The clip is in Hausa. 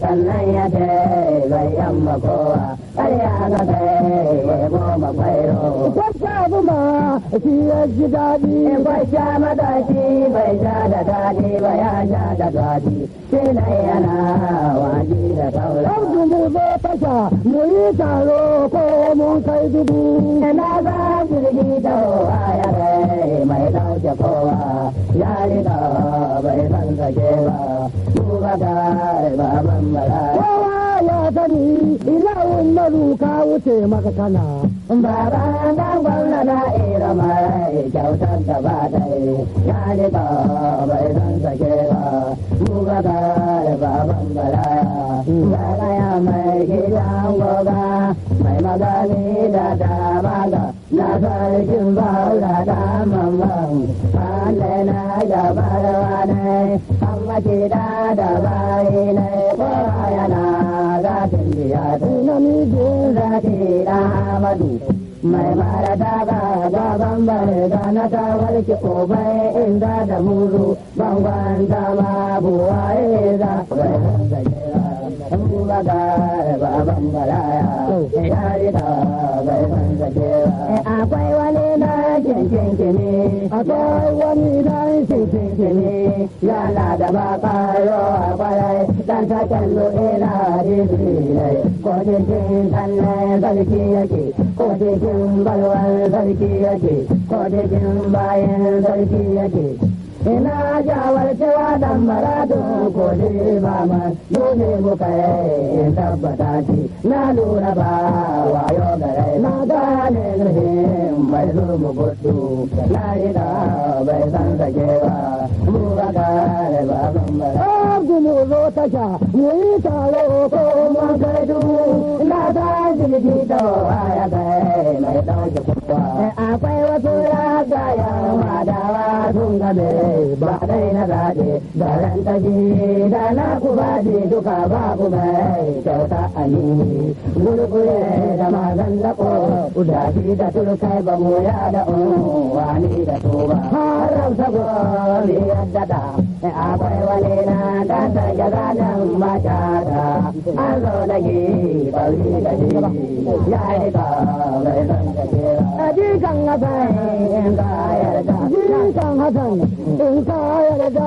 sannan ya ce bai yamma kowa har ya ga bai goma kwairo. Wata abu ma shi ya ji daɗi. Bai sha madashi bai sha da daɗi ba ya sha da daɗi shi na yana waji da saura. Abdu mu zo fasha mu yi taro ko mun kai dubu. Na za jirgi da wa ya mai ɗauke kowa ya ka bai san sake ba. kowa ya sani ina wannan ka wuce maka kana baba dan gwamna na ira mai kyautar da ba yi. ya ne ba bai san sake ba mu ga da baban bala ya ya mai gidan goba mai magani da dama ga na farkin baula da mamman wanda na gabarwa ne amma gida da bayi ne ko yana zafin biya tunani zafi da amadu mai mara daga gaban bare da na ta warke obai inda da muru bangon ma buwaye za in ba da baban ya rida bai san akwai wani na kinkin kini akwai wani na kinkin kini yana da bakaro a kwarai dan ta kallo ina ibilai ko cikin sannan sarki yake ko cikin balwar sarki yake ko cikin bayan sarki yake ina jawarcewa dan ko ne ba ma dole kai in tabbata ce na lura ba wayo gare na gane zurfin mai zurmu gudu na yi da bai san sake ba mu ba gane ba ban bara. mu zo tasha mu yi taro ko mu gaidu na ta jirgi da waya gai mai dauke kuwa. Eh, akwai wasu zabe ba dai na zabe garan taji da na ku baje duka ba ku mai kyauta ani gurgure da mazan lako udafi da turkai ba mu ya da wani da ba haram sabo ne yadda da akwai wani na da ta jaga nan mata da an zo da ba bari da ji ya ai ba mai san da kera jikan hasan in ka yarda jikan hasan in ka yarda